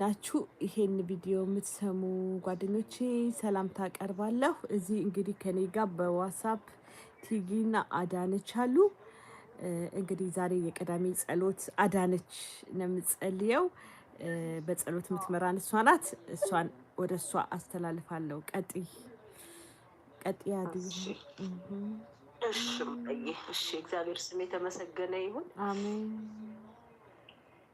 ናችሁ ይሄን ቪዲዮ የምትሰሙ ጓደኞቼ ሰላምታ አቀርባለሁ። እዚህ እንግዲህ ከኔ ጋር በዋትሳፕ ቲጊና አዳነች አሉ። እንግዲህ ዛሬ የቅዳሜ ጸሎት አዳነች ነው የምጸልየው። በጸሎት የምትመራን እሷ ናት። እሷን ወደ እሷ አስተላልፋለሁ። ቀጥ ቀጥ ያድ እሺ። እግዚአብሔር ስም የተመሰገነ ይሁን። አሜን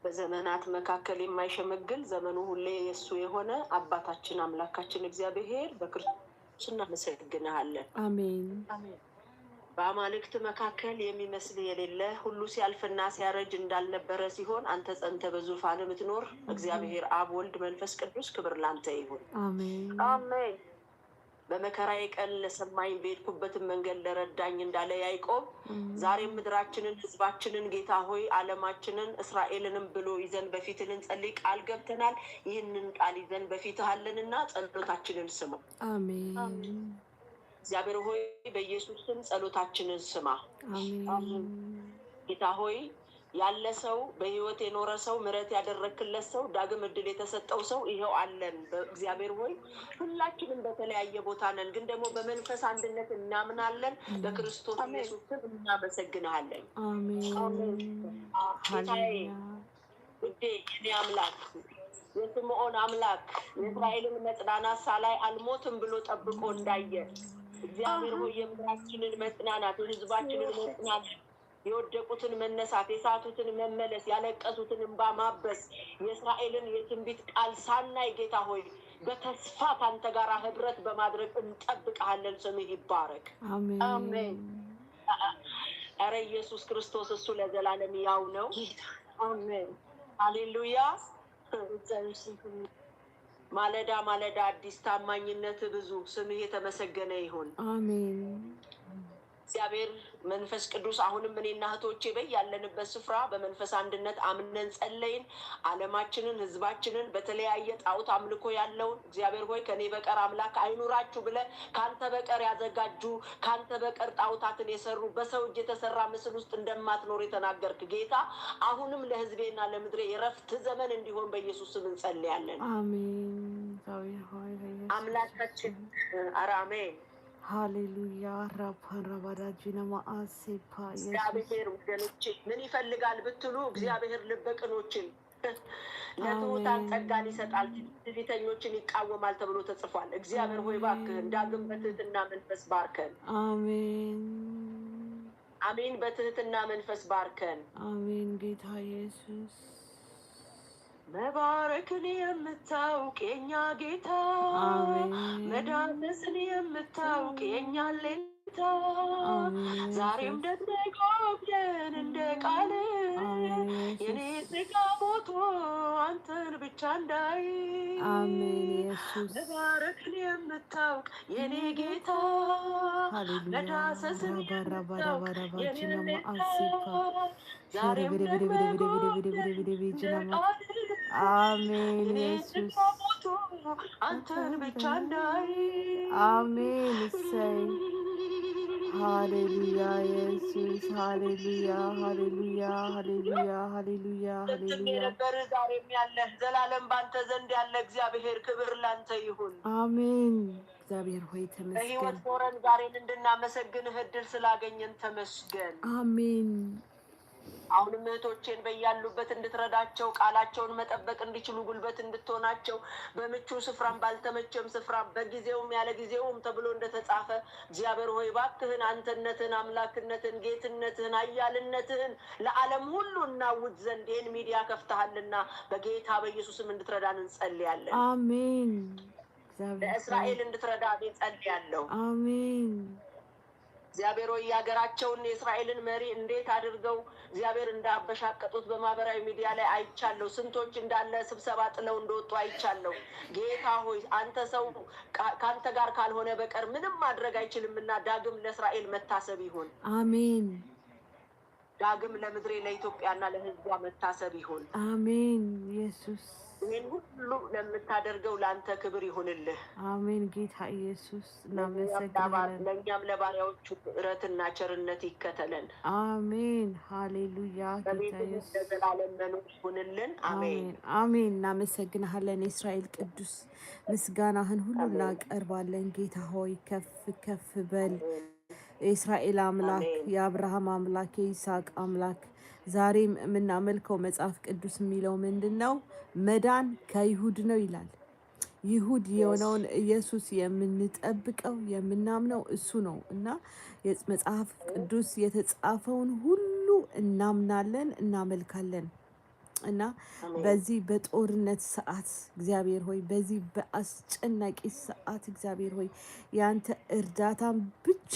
በዘመናት መካከል የማይሸመግል ዘመኑ ሁሌ የእሱ የሆነ አባታችን አምላካችን እግዚአብሔር በክርስቶስ እናመሰግንሃለን። አሜን። በአማልክት መካከል የሚመስል የሌለ ሁሉ ሲያልፍና ሲያረጅ እንዳልነበረ ሲሆን አንተ ጸንተ በዙፋን የምትኖር እግዚአብሔር አብ፣ ወልድ፣ መንፈስ ቅዱስ ክብር ላንተ ይሁን። አሜን። በመከራ ቀን ለሰማኝ በሄድኩበትን መንገድ ለረዳኝ እንዳለ ያዕቆብ ዛሬም ምድራችንን፣ ህዝባችንን ጌታ ሆይ አለማችንን፣ እስራኤልንም ብሎ ይዘን በፊት ልንጸልይ ቃል ገብተናል። ይህንን ቃል ይዘን በፊትህ አለንና ጸሎታችንን ስማ። እግዚአብሔር ሆይ በኢየሱስ ስም ጸሎታችንን ስማ። ጌታ ሆይ ያለ ሰው በህይወት የኖረ ሰው ምሕረት ያደረክለት ሰው ዳግም እድል የተሰጠው ሰው ይኸው አለን። በእግዚአብሔር ሆይ ሁላችንም በተለያየ ቦታ ነን፣ ግን ደግሞ በመንፈስ አንድነት እናምናለን። በክርስቶስ ኢየሱስ ስም እናመሰግንሃለን። ውዴ የኔ አምላክ የስምዖን አምላክ የእስራኤልን መጽናናት ሳላይ አልሞትም ብሎ ጠብቆ እንዳየ እግዚአብሔር ሆይ የምድራችንን መጽናናት የህዝባችንን መጽናናት የወደቁትን መነሳት፣ የሳቱትን መመለስ፣ ያለቀሱትን እንባ ማበስ፣ የእስራኤልን የትንቢት ቃል ሳናይ ጌታ ሆይ በተስፋ ካንተ ጋር ህብረት በማድረግ እንጠብቃለን ስምህ ይባረክ። አሜን። ኧረ ኢየሱስ ክርስቶስ እሱ ለዘላለም ያው ነው። አሜን። ሃሌሉያ። ማለዳ ማለዳ አዲስ ታማኝነት ብዙ። ስምህ የተመሰገነ ይሁን። አሜን። እግዚአብሔር መንፈስ ቅዱስ አሁንም እኔና እህቶቼ በይ ያለንበት ስፍራ በመንፈስ አንድነት አምነን ጸለይን። አለማችንን ህዝባችንን በተለያየ ጣዖት አምልኮ ያለውን እግዚአብሔር ሆይ ከኔ በቀር አምላክ አይኑራችሁ ብለ ከአንተ በቀር ያዘጋጁ ከአንተ በቀር ጣዖታትን የሰሩ በሰው እጅ የተሰራ ምስል ውስጥ እንደማትኖር የተናገርክ ጌታ አሁንም ለህዝቤና ለምድሬ የረፍት ዘመን እንዲሆን በኢየሱስ ስም እንጸልያለን። አምላካችን አራሜን ሃሌሉያ ራፓን ረባዳጅነ ማአሴፓ እግዚአብሔር ወገኖች ምን ይፈልጋል ብትሉ፣ እግዚአብሔር ልበቅኖችን ለትሑታን ጸጋን ይሰጣል፣ ትዕቢተኞችን ይቃወማል ተብሎ ተጽፏል። እግዚአብሔር ሆይ ባክህን ዳግም በትህትና መንፈስ ባርከን። አሜን አሜን። በትህትና መንፈስ ባርከን። አሜን ጌታ ኢየሱስ መባረክን የምታውቅ የኛ ጌታ መዳመስን የምታውቅ የኛ ሌታ ዛሬም ደግሞ እንደ ቃል የኔ ስጋ ሞቶ አንተን ብቻ እንዳይ መባረክን የምታውቅ የኔ ጌታ መዳሰስን የምታውቅ የኔ ሌታ ዛሬም ደግሞ እንደ ቃል አሜን ኢየሱስ አንተን ብቻ እንዳይ አሜን። እሰይ ሃሌሉያ ኢየሱስ ሃሌሉያ ሃሌሉያ ሃሌሉያ ሃሌሉያ ሃሌሉያ ነበር ዛሬም ያለ ዘላለም ባንተ ዘንድ ያለ እግዚአብሔር ክብር ላንተ ይሁን። አሜን። እግዚአብሔር ሆይ ተመስገን። በህይወት ኖረን ዛሬን እንድናመሰግንህ እድል ስላገኘን ተመስገን። አሜን። አሁንም እህቶቼን በያሉበት እንድትረዳቸው ቃላቸውን መጠበቅ እንዲችሉ ጉልበት እንድትሆናቸው በምቹ ስፍራም ባልተመቸም ስፍራ በጊዜውም ያለ ጊዜውም ተብሎ እንደተጻፈ እግዚአብሔር ሆይ እባክህን አንተነትህን፣ አምላክነትህን፣ ጌትነትህን፣ አያልነትህን ለዓለም ሁሉ እናውጅ ዘንድ ይህን ሚዲያ ከፍተሃልና በጌታ በኢየሱስም እንድትረዳን እንጸልያለን። አሜን። ለእስራኤል እንድትረዳ ጸልያለሁ። አሜን። እግዚአብሔር ወይ የሀገራቸውን የእስራኤልን መሪ እንዴት አድርገው እግዚአብሔር እንዳበሻቀጡት በማህበራዊ ሚዲያ ላይ አይቻለሁ። ስንቶች እንዳለ ስብሰባ ጥለው እንደወጡ አይቻለሁ። ጌታ ሆይ አንተ ሰው ከአንተ ጋር ካልሆነ በቀር ምንም ማድረግ አይችልም እና ዳግም ለእስራኤል መታሰብ ይሁን። አሜን። ዳግም ለምድሬ ለኢትዮጵያና ለሕዝቧ መታሰብ ይሁን። አሜን ኢየሱስ ይህን ሁሉ ለምታደርገው ለአንተ ክብር ይሁንልህ። አሜን። ጌታ ኢየሱስ እናመሰግናለን። ለእኛም ለባሪያዎቹ እረትና ቸርነት ይከተለን። አሜን። ሃሌሉያ። ጌታ ለዘላለም መኖር ይሁንልን። አሜን፣ አሜን። እናመሰግናለን። የእስራኤል ቅዱስ ምስጋናህን ሁሉ እናቀርባለን። ጌታ ሆይ ከፍ ከፍ በል። የእስራኤል አምላክ የአብርሃም አምላክ የይስሐቅ አምላክ ዛሬም የምናመልከው መጽሐፍ ቅዱስ የሚለው ምንድን ነው? መዳን ከይሁድ ነው ይላል። ይሁድ የሆነውን ኢየሱስ የምንጠብቀው የምናምነው እሱ ነው እና መጽሐፍ ቅዱስ የተጻፈውን ሁሉ እናምናለን፣ እናመልካለን እና በዚህ በጦርነት ሰዓት እግዚአብሔር ሆይ በዚህ በአስጨናቂ ሰዓት እግዚአብሔር ሆይ ያንተ እርዳታን ብቻ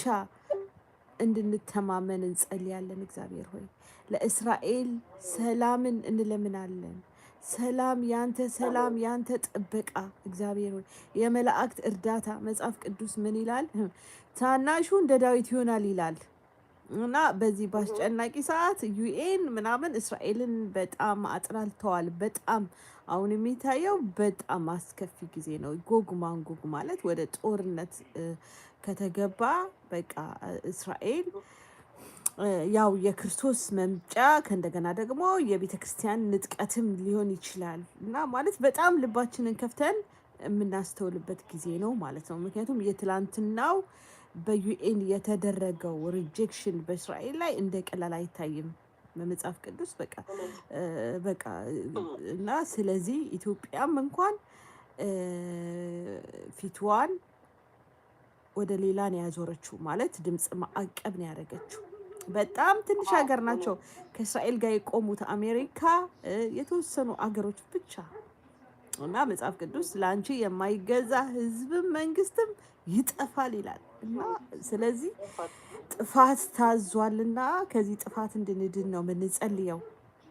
እንድንተማመን እንጸልያለን። እግዚአብሔር ሆይ ለእስራኤል ሰላምን እንለምናለን። ሰላም ያንተ ሰላም ያንተ ጥበቃ እግዚአብሔር ሆይ የመላእክት እርዳታ። መጽሐፍ ቅዱስ ምን ይላል? ታናሹ እንደ ዳዊት ይሆናል ይላል እና በዚህ በአስጨናቂ ሰዓት ዩኤን ምናምን እስራኤልን በጣም አጥላልተዋል። በጣም አሁን የሚታየው በጣም አስከፊ ጊዜ ነው። ጎግ ማንጎግ ማለት ወደ ጦርነት ከተገባ በቃ እስራኤል ያው የክርስቶስ መምጫ ከእንደገና ደግሞ የቤተ ክርስቲያን ንጥቀትም ሊሆን ይችላል እና ማለት በጣም ልባችንን ከፍተን የምናስተውልበት ጊዜ ነው ማለት ነው። ምክንያቱም የትላንትናው በዩኤን የተደረገው ሪጀክሽን በእስራኤል ላይ እንደ ቀላል አይታይም በመጽሐፍ ቅዱስ በቃ በቃ እና ስለዚህ ኢትዮጵያም እንኳን ፊትዋን ወደ ሌላ ነው ያዞረችው። ማለት ድምፅ ማዕቀብ ነው ያደረገችው። በጣም ትንሽ ሀገር ናቸው ከእስራኤል ጋር የቆሙት አሜሪካ፣ የተወሰኑ አገሮች ብቻ እና መጽሐፍ ቅዱስ ለአንቺ የማይገዛ ህዝብም መንግስትም ይጠፋል ይላል እና ስለዚህ ጥፋት ታዟልና ከዚህ ጥፋት እንድንድን ነው የምንጸልየው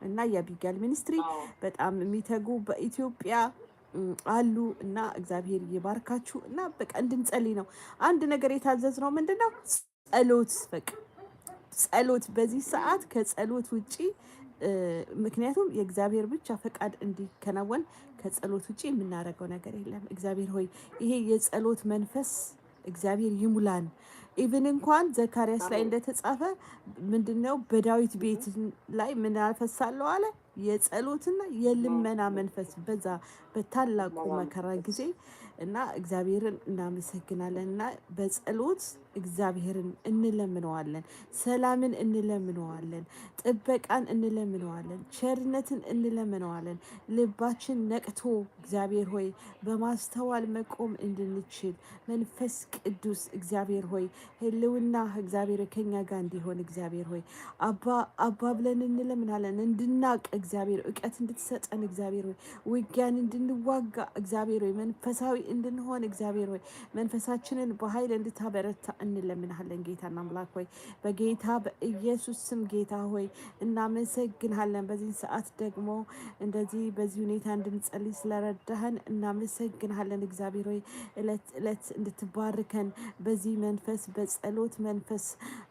እና የአቢጋል ሚኒስትሪ በጣም የሚተጉ በኢትዮጵያ አሉ እና እግዚአብሔር ይባርካችሁ እና በቃ እንድንጸልይ ነው። አንድ ነገር ነው ምንድን ነው? ጸሎት በቃ ጸሎት። በዚህ ሰዓት ከጸሎት ውጪ ምክንያቱም የእግዚአብሔር ብቻ ፈቃድ እንዲከናወን ከጸሎት ውጪ የምናደርገው ነገር የለም። እግዚአብሔር ሆይ ይሄ የጸሎት መንፈስ እግዚአብሔር ይሙላን። ኢቭን እንኳን ዘካርያስ ላይ እንደተጻፈ ምንድነው በዳዊት ቤት ላይ ምን አፈሳለሁ አለ የጸሎትና የልመና መንፈስ በዛ በታላቁ መከራ ጊዜ እና እግዚአብሔርን እናመሰግናለን እና በጸሎት እግዚአብሔርን እንለምነዋለን፣ ሰላምን እንለምነዋለን፣ ጥበቃን እንለምነዋለን፣ ቸርነትን እንለምነዋለን። ልባችን ነቅቶ እግዚአብሔር ሆይ በማስተዋል መቆም እንድንችል መንፈስ ቅዱስ እግዚአብሔር ሆይ ህልውና እግዚአብሔር ከኛ ጋር እንዲሆን እግዚአብሔር ሆይ አባ አባ ብለን እንለምናለን። እንድናቅ እግዚአብሔር እውቀት እንድትሰጠን እግዚአብሔር ሆይ ውጊያን እንድንዋጋ እግዚአብሔር ሆይ መንፈሳዊ ሆይ እንድንሆን እግዚአብሔር ሆይ መንፈሳችንን በኃይል እንድታበረታ እንለምንሃለን። ጌታና አምላክ ሆይ በጌታ በኢየሱስ ስም ጌታ ሆይ እናመሰግንሃለን። በዚህ ሰዓት ደግሞ እንደዚህ በዚህ ሁኔታ እንድንጸልይ ስለረዳህን እናመሰግንሃለን። እግዚአብሔር ሆይ እለት እለት እንድትባርከን በዚህ መንፈስ በጸሎት መንፈስ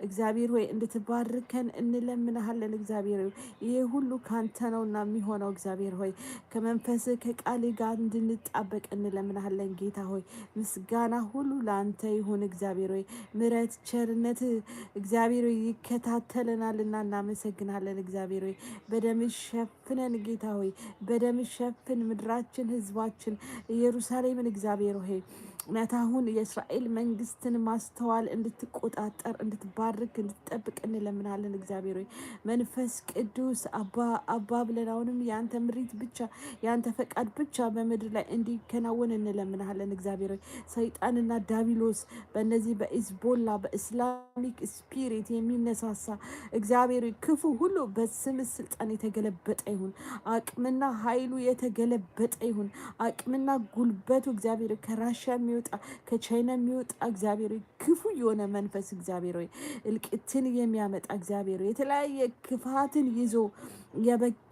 እግዚአብሔር ሆይ እንድትባርከን እንለምንሃለን። እግዚአብሔር ሆይ ይሄ ሁሉ ካንተ ነውና የሚሆነው እግዚአብሔር ሆይ ከመንፈስ ከቃል ጋር እንድንጣበቅ እንለምንሃለን። እንወዳለን። ጌታ ሆይ ምስጋና ሁሉ ለአንተ ይሁን። እግዚአብሔር ሆይ ምረት ቸርነት እግዚአብሔር ሆይ ና እናመሰግናለን። እግዚአብሔር ሆይ በደም ሸፍነን ጌታ ሆይ በደም ሸፍን ምድራችን፣ ህዝባችን ኢየሩሳሌምን እግዚአብሔር ሆይ ናታሁን የእስራኤል መንግስትን ማስተዋል እንድትቆጣጠር እንድትባርክ እንድትጠብቅ እንለምናለን። እግዚአብሔር ወይ መንፈስ ቅዱስ አባ ብለን አሁንም የአንተ ምሪት ብቻ የአንተ ፈቃድ ብቻ በምድር ላይ እንዲከናወን እንለምናለን። እግዚአብሔር ወይ ሰይጣንና ዳቢሎስ በእነዚህ በኢዝቦላ በእስላሚክ ስፒሪት የሚነሳሳ እግዚአብሔር ወይ ክፉ ሁሉ በስም ስልጣን የተገለበጠ ይሁን። አቅምና ኃይሉ የተገለበጠ ይሁን። አቅምና ጉልበቱ እግዚአብሔር ከራሻ የሚወ የሚወጣ ከቻይና የሚወጣ እግዚአብሔር ወይ ክፉ የሆነ መንፈስ እግዚአብሔር ወይ እልቅትን የሚያመጣ እግዚአብሔር የተለያየ ክፋትን ይዞ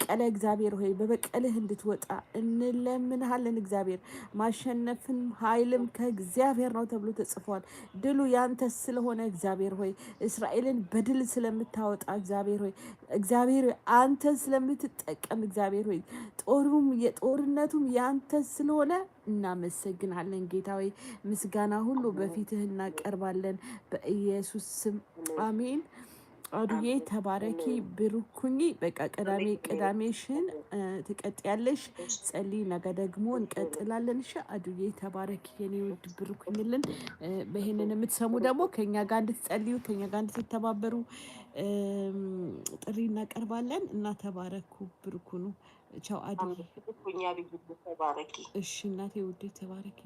በቀለ እግዚአብሔር ሆይ በበቀልህ እንድትወጣ እንለምንሃለን። እግዚአብሔር ማሸነፍን ኃይልም ከእግዚአብሔር ነው ተብሎ ተጽፏል። ድሉ ያንተ ስለሆነ እግዚአብሔር ሆይ እስራኤልን በድል ስለምታወጣ እግዚአብሔር ሆይ እግዚአብሔር አንተ ስለምትጠቀም እግዚአብሔር ሆይ ጦሩም የጦርነቱም ያንተ ስለሆነ እናመሰግናለን ጌታ ሆይ ምስጋና ሁሉ በፊትህ እናቀርባለን። በኢየሱስ ስም አሜን። አዱዬ ተባረኪ ብሩኩኝ። በቃ ቅዳሜ ቅዳሜሽን ትቀጥያለሽ። ጸልይ። ነገ ደግሞ እንቀጥላለን። እሺ አዱዬ ተባረኪ የኔ ውድ ብሩኩኝልን። በይህንን የምትሰሙ ደግሞ ከኛ ጋር እንድትጸልዩ ከኛ ጋር እንድትተባበሩ ጥሪ እናቀርባለን እና ተባረኩ ብሩኩኑ። ቻው አዱዬ። እሺ እናቴ ውዴ ተባረኪ።